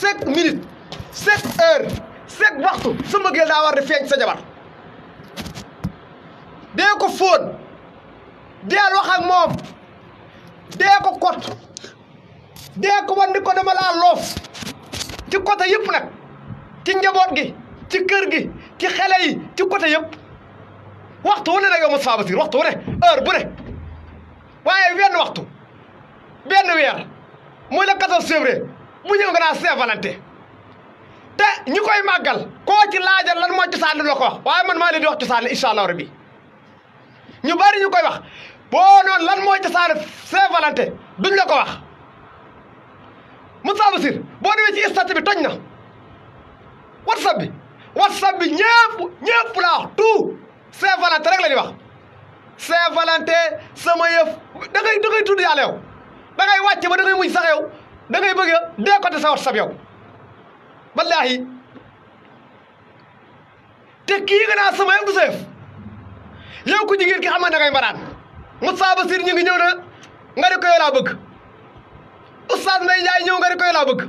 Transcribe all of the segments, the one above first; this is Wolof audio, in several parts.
chaque minute chaque heure chaque waxtu sa mbëggeel daa war di feeñ sa jabar dee ko fóon deel wax ak moom dee ko kot dee ko wan dama laa loof ci côté yëpp nag ci njaboot gi ci kër gi ci xele yi ci côté yëpp waxtu wu ne nag yow Moustapha Bassir waxtu wu ne heure bu ne waaye wenn waxtu benn weer muy la 14 février mu ñëw nga naan Saint-Valentin te ñi koy màggal koo ci laajal lan mooy cosaan la ko wax waaye man maa leen di wax cosaan incha allah rabbi ñu bari ñu koy wax boo noonu lan mooy cosaan Saint-Valentin duñ la ko wax Moussa Bassir boo demee ci statut bi toj na whatsapp bi whatsapp bi la wax tout Saint-Valentin rek la ñuy wax Saint-Valentin sama yëf da ngay da ngay tudd yàlla yow da yow dangay bëgg a dee côté sawar sab yow wallaahi te kii nga naa sama yow du seef ku jigéen ki xam na da ngay mbaraan Moussa Basir ñu ñëw na nga di ko bëgg Oustaz Ndeye Ndiaye ñëw nga di ko yow laa bëgg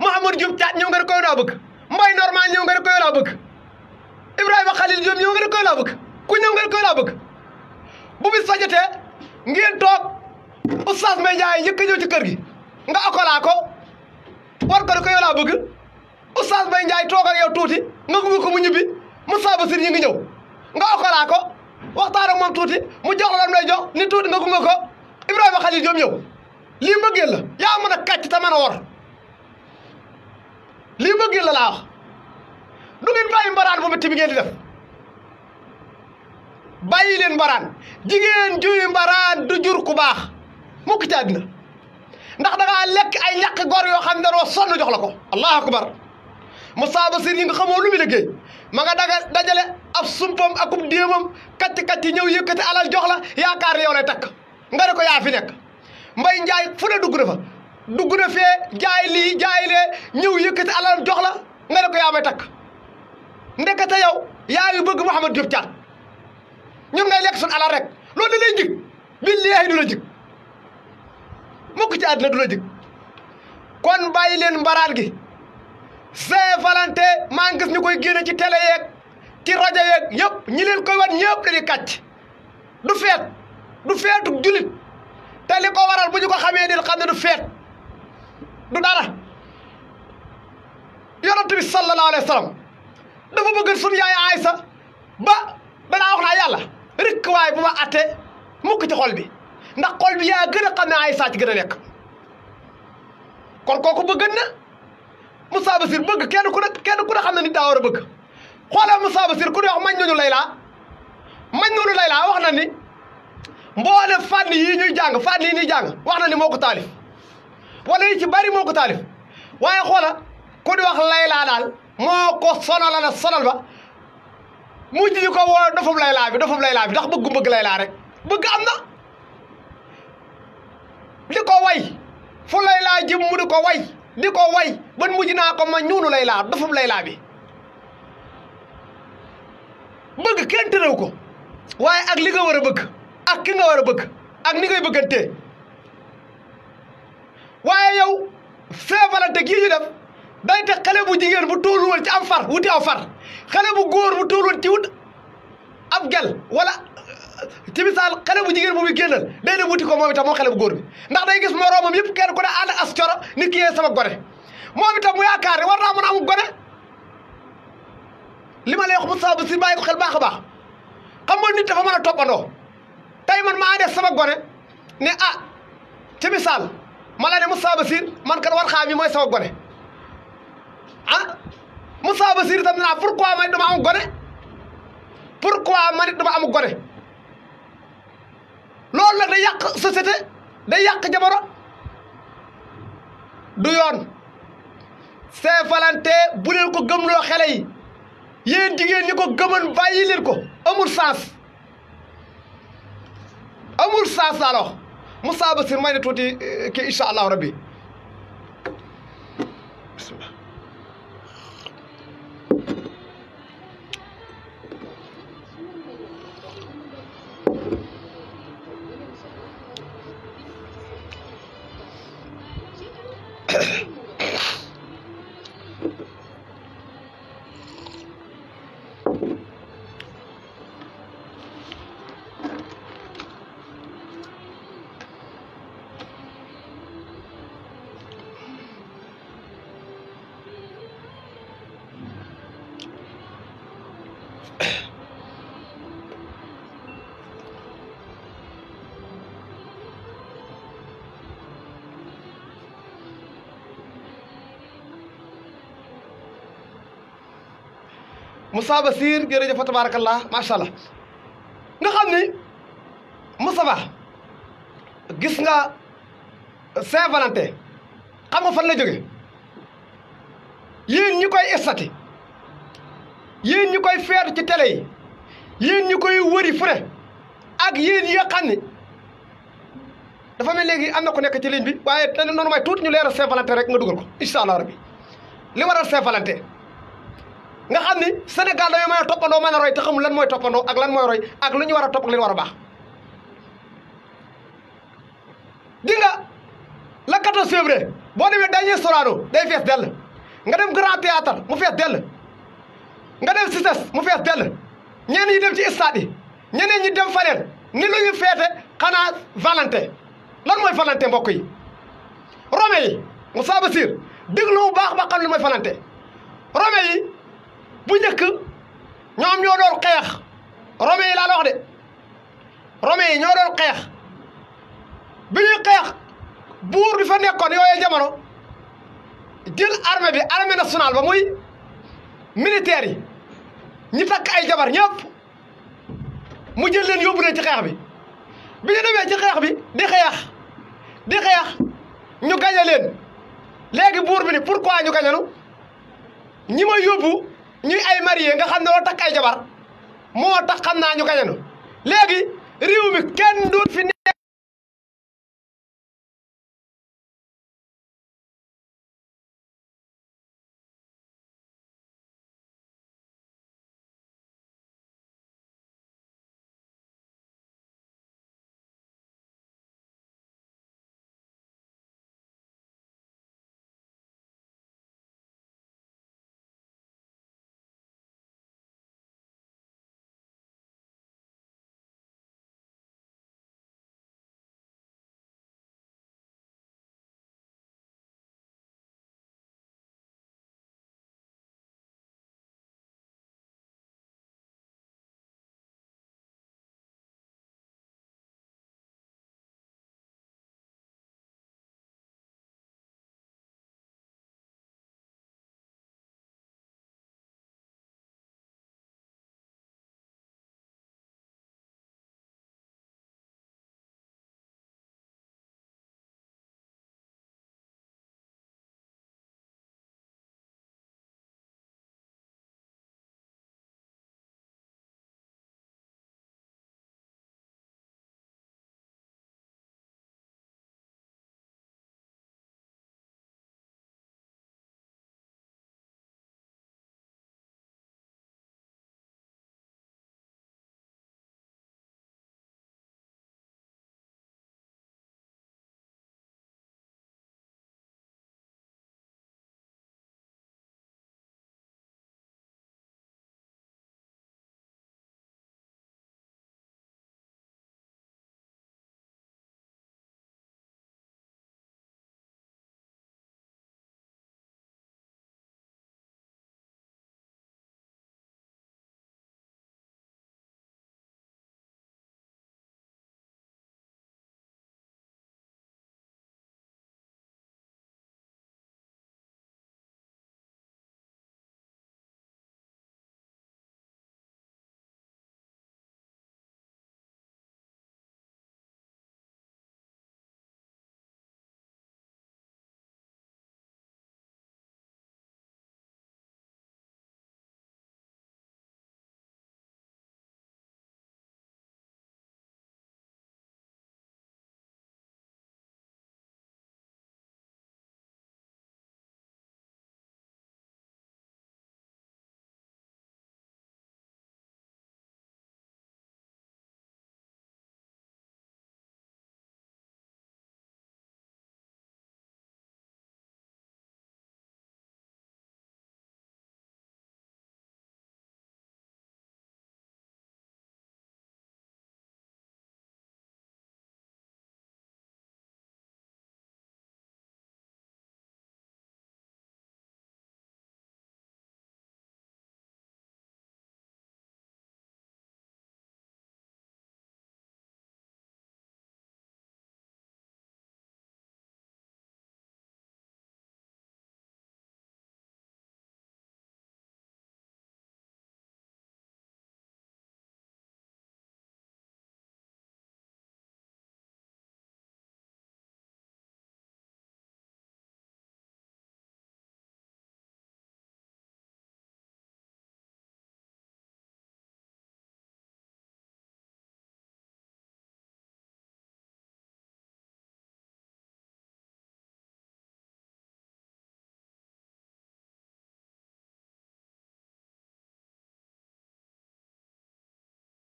Mouhamadou Diouf ñëw nga di ko yow laa bëgg Mbaye Normal ñëw nga di ko yow laa bëgg Ibrahima Khalil Diop ñëw nga di ko bëgg ku ñëw nga di ko bëgg bu bis fajatee ngeen toog Oustaz Ndeye Ndiaye yëkk ñëw ci kër gi nga okola ko war ko ne ko laa bëgg oustaz Mbaye Ndiaye toog ak yow tuuti nga gunge ko mu ñibbi Moussa Bassir ñu ngi ñëw nga okola ko waxtaan moom tuuti mu jox la lam ni tuuti nga gunge ko Ibrahima Khalil Diop ñëw lii mbëggeel la yaa mën a kàcc te mën a wor lii mbëggeel la laa wax du ngeen bàyyi mbaraan bu métti bi ngeen di def bàyyi leen mbaraan jigéen juy mbaraan du jur ku baax mukk ci ndax da ngaa lekk ay ñàq gor yoo xam ne dañoo sonn jox la ko allahu akbar Moussa Basir yi nga xamoo lu muy liggéey ma nga daga dajale a sumpam akub déemam katti katti ñëw yëkkati alal jox la yaakaar ne yow nga ne ko yaa fi nekk mbay njaay fu ne dugg na fa dugg na fee jaay lii jaay lee ñëw alal jox la nga ne ko yaa may takk ndekete yow yaa ngi bëgg Mouhamed Diop Thiat ñun ngay lekk sun alal rek loolu da lay njig billahi du la njig mukk ci àddina du la jig kon bàyyi leen gi Saint-Valentin maa ngi gis ñu koy génne ci télé yeeg ci rajo yeeg yëpp ñi leen koy wan ñëpp dañuy kàcc du feet du feetu julit te li ko waral bu ñu xamee din xam ne du feet du dara yonent bi sallallahu alayhi wa sallam dafa bëgg suñu yaay Aysa ba danaa wax naa yàlla rikk waay bu ma ate mukk ci xol bi ndax xol yaa gën a xam ne ay sàcc gën a nekk kon kooku bëgg na Moussa Bassir bëgg kenn ku ne ku ne xam ne nit daa war a bëgg xoolal Moussa Bassir ku ne wax mañ nañu Layla mañ nañu Layla wax na ni mboolem fànn yii ñuy jàng fànn yii ñuy jàng wax na ni moo ko taalif wala yi ci bari moo ko taalif waaye xoola ku di wax Layla daal moo ko sonal na sonal ba mujj ñu ko woo dofum Layla bi dofum Layla bi ndax bëggu bëgg Layla rek bëgg am na. di ko way fu laylaa jëm mu di ko way di ko way ban mujj naa ko ma ñuunu laylaa dofum laylaa bi bëgg kenn tëraw ko waaye ak li nga war bëgg ak ki nga war a bëgg ak ni ngay bëggantee waaye yow feebalante gii ñu def day tax xale bu jigéen bu toolu woon ci am far wuti aw far xale bu góor bu toolu woon ci wut ab gel wala ci misaal xale bu jigéen bu muy génnal day dem wuti ko moom itam moom xale bu góor bi ndax day gis moroomam yëpp kenn ku ne ànd as coro ni kii sama gone moom itam mu yaakaar ne war naa mën a am gone li ma lay wax Moustapha Bassirou bàyyi ko xel baax a baax xam nga nit dafa mën a toppandoo tey man ma def sama gone ne ah ci misaal ma la ne Moustapha Bassirou man kat war xaam yi mooy sama gone ah Moustapha Bassirou itam naa pourquoi man it dama am gone pourquoi man it dama am gone loolu nag day yàq société day yàq jamono du yoon Saint-Valentin bu leen ko gëmloo xale yi yéen jigéen ñi ko gëmoon bàyyi leen ko amul sens amul sens alors Moussa Bassir may ne tuuti euh, kii incha allahu rabbi mu Moussa Bassir jërëjëf fa tabarakallah macha allah nga xam ni Moustapha gis nga saint xam nga fan la jóge yéen ñi koy estati yéen ñi koy feetu ci télé yi yéen ñi koy wëri fu ne ak yéen yi nga xam ni dafa mel léegi am na ku nekk ci ligne bi waaye noonu may tuuti ñu leeral Saint-Valentin rek nga dugal ko incha allah rabbi li waral Saint-Valentin nga xam ni Sénégal dañoo ma a toppandoo mën a roy te xamul lan mooy toppandoo ak lan mooy roy ak lu ñu war a topp ak li war a baax. di nga la 14 février boo demee dañuy Sorano day fees dell nga dem Grand Théâtre mu fees dell nga dem Cices mu fees dell ñeen ñi dem ci stade yi ñeneen ñi dem faneen ni lu ñu feete xanaa Valentin lan mooy Valentin mbokk yi. Romain yi Moussa Bassir déglu bu baax ba xam ne mooy Valentin Romain yi. bu njëkk ñoom ñoo doon xeex romain yi laa la wax de romain yi ñoo doon xeex bi ñuy xeex buur bi fa nekkoon yooyee jamono jël armée bi na nationale ba muy militaire yi ñi takk ay jabar ñëpp mu jël leen yóbbu leen ci xeex bi bi ñu demee ci xeex bi di xeex di xeex ñu gañe leen léegi buur bi ni pourquoi ñu gañanu ñi ma yóbbu ñuy ay marié nga xam ne takk ay jabar moo tax xam naa ñu kañanu léegi réew mi kenn du fi